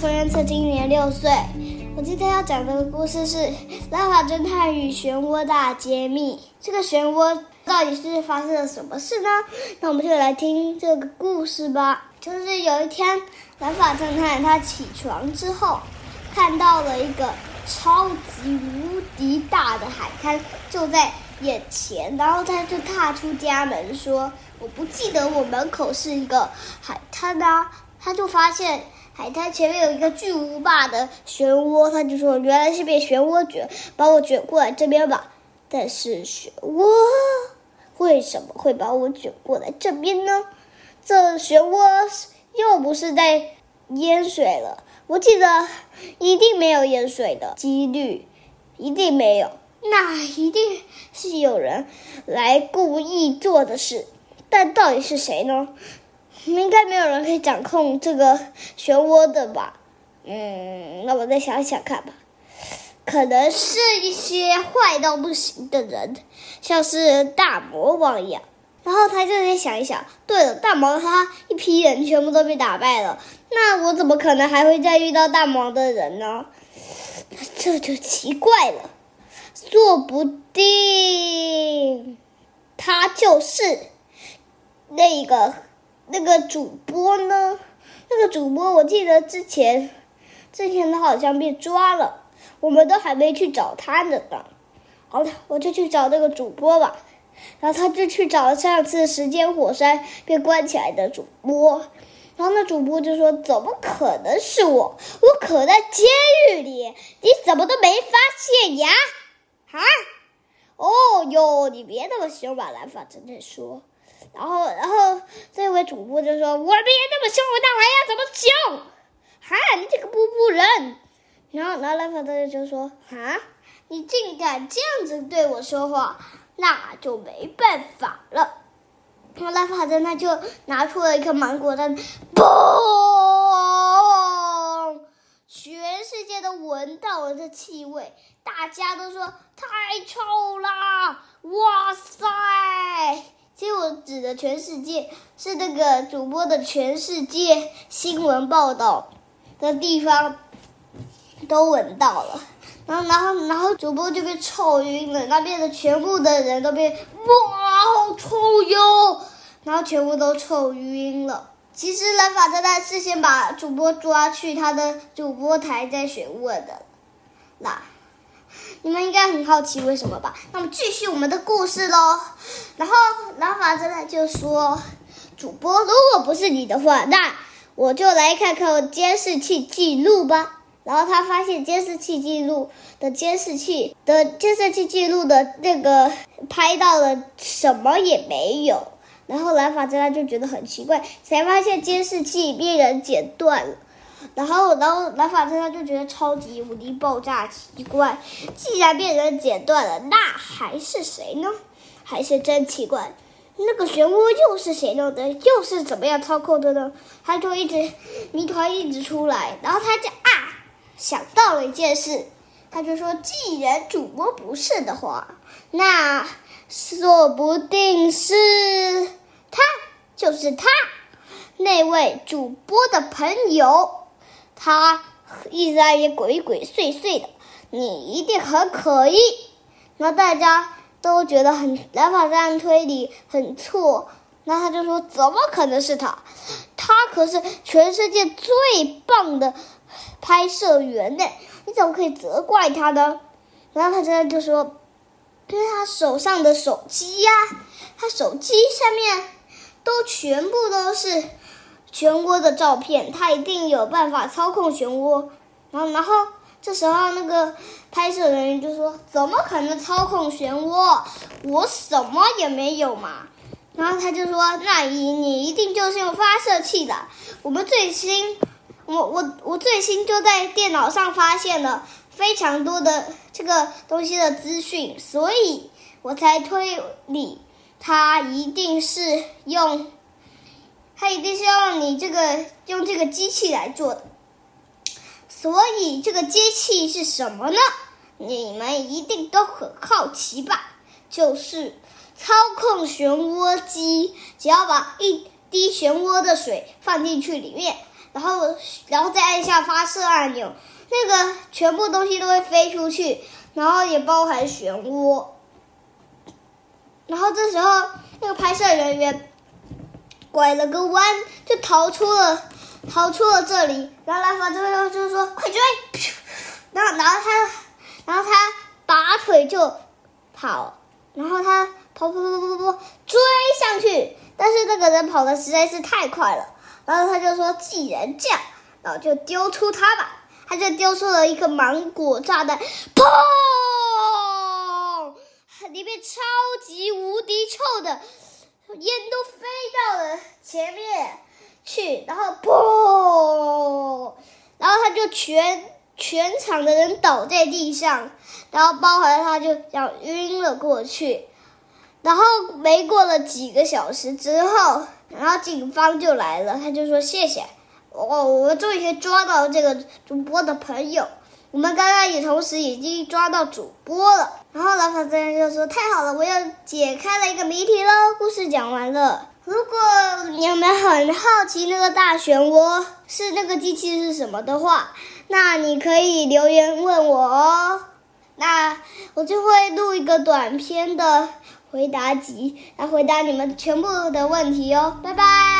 孫淵策今年六歲。我今天要講的故事是《藍髮偵探與漩渦大揭秘》。這個漩渦到底是發生了什麼事呢？那我們就來聽這個故事吧。就是有一天，藍髮偵探他起床之後，看到了一個超級無敵大的海灘就在眼前，然後他就踏出家門說：“我不記得我門口是一個海灘啊！”他就發現。海灘前面有一個巨無霸的漩渦，他就說，原來是被漩渦捲，把我捲過來這邊吧。但是漩渦為什麼會把我捲過來這邊呢？這漩渦又不是在淹水了，我記得一定沒有淹水的幾率，一定沒有。那一定是有人來故意做的事，但到底是誰呢？應該沒有人可以掌控這個漩渦的吧？嗯，那我再想想看吧。可能是一些壞到不行的人，像是大魔王一樣。然後他就在想一想，對了，大魔王他一批人全部都被打敗了，那我怎麼可能還會再遇到大魔王的人呢？這就奇怪了，說不定他就是那個。那個主播呢？那個主播，我記得之前，之前他好像被抓了，我們都還沒去找他呢呢。好了，我就去找那個主播吧。然後他就去找了上次時間火山被關起來的主播，然後那主播就說：“怎麼可能是我？我可在監獄裡，你怎麼都沒發現呀？”啊？哦喲，你別那麼凶吧，藍髮偵探說。然後，然後這位主播就說：“我別那麼兇，我大玩意怎麼兇？哈，你這個波波人！”然後，然後，藍髮偵探就說：“啊，你竟敢這樣子對我說話，那就沒辦法了。”後藍髮偵探他就拿出了一個芒果彈，砰！全世界都聞到了這氣味，大家都說太臭啦！哇塞！其實我指的全世界是那個主播的全世界新聞報道的地方，都聞到了，然後然後然後主播就被臭暈了，那邊的全部的人都被哇，好臭喲，然後全部都臭暈了。其實藍髮偵探是先把主播抓去他的主播台再詢問的，啦。你們應該很好奇為什麼吧？那麼繼續我們的故事嘍。然後藍髮偵探呢就說：“主播如果不是你的話，那我就來看看監視器記錄吧。”然後他發現監視器記錄的監視器的監視器記錄的那個拍到了什麼也沒有。然後藍髮偵探他就覺得很奇怪，才發現監視器被人剪斷了。然後，然後，反正他就覺得超級無敵爆炸奇怪。既然被人剪斷了，那還是誰呢？還是真奇怪。那個漩渦又是誰弄的？又是怎麼樣操控的呢？他就一直謎團一直出來。然後他就啊，想到了一件事，他就說：既然主播不是的話，那說不定是他，就是他，那位主播的朋友。他一直在也鬼鬼祟祟的，你一定很可疑。那大家都覺得很，藍髮這樣推理很錯。那他就說，怎麼可能是他？他可是全世界最棒的拍攝員呢，你怎麼可以責怪他呢？然後他現在就說，就是他手上的手機呀、啊，他手機下面都全部都是漩渦的照片，他一定有辦法操控漩渦。然後，然後這時候那個拍攝人員就說：“怎麼可能操控漩渦？我什麼也沒有嘛。”然後他就說：“那你你一定就是用發射器的。我們最新，我我我最新就在電腦上發現了非常多的這個東西的資訊，所以我才推理他一定是用。”它一定是用你這個用這個機器來做的，所以這個機器是什麼呢？你們一定都很好奇吧？就是操控漩渦機，只要把一滴漩渦的水放進去裡面，然後然後再按下發射按鈕，那個全部東西都會飛出去，然後也包含漩渦。然後這時候那個拍攝人員。拐了個彎就逃出了，逃出了這裡。然後藍髮最後就說：“快追！”然後，然後他，然後他拔腿就跑。然後他跑跑跑跑跑追上去，但是那個人跑的實在是太快了。然後他就說：“既然這樣，然後就丟出他吧。”他就丟出了一個芒果炸彈，砰！裡面超級無敵臭的。煙都飛到了前面去，然後砰，然後他就全全場的人倒在地上，然後包括他就要暈了過去，然後沒過了幾個小時之後，然後警方就來了，他就說謝謝，我、哦、我們終於可以抓到這個主播的朋友。我們剛剛也同時已經抓到主播了，然後老法子人就說：“太好了，我又解開了一個謎題嘍！”故事講完了。如果你們很好奇那個大漩渦是那個機器是什麼的話，那你可以留言問我哦。那我就會錄一個短片的回答集來回答你們全部的問題哦。拜拜。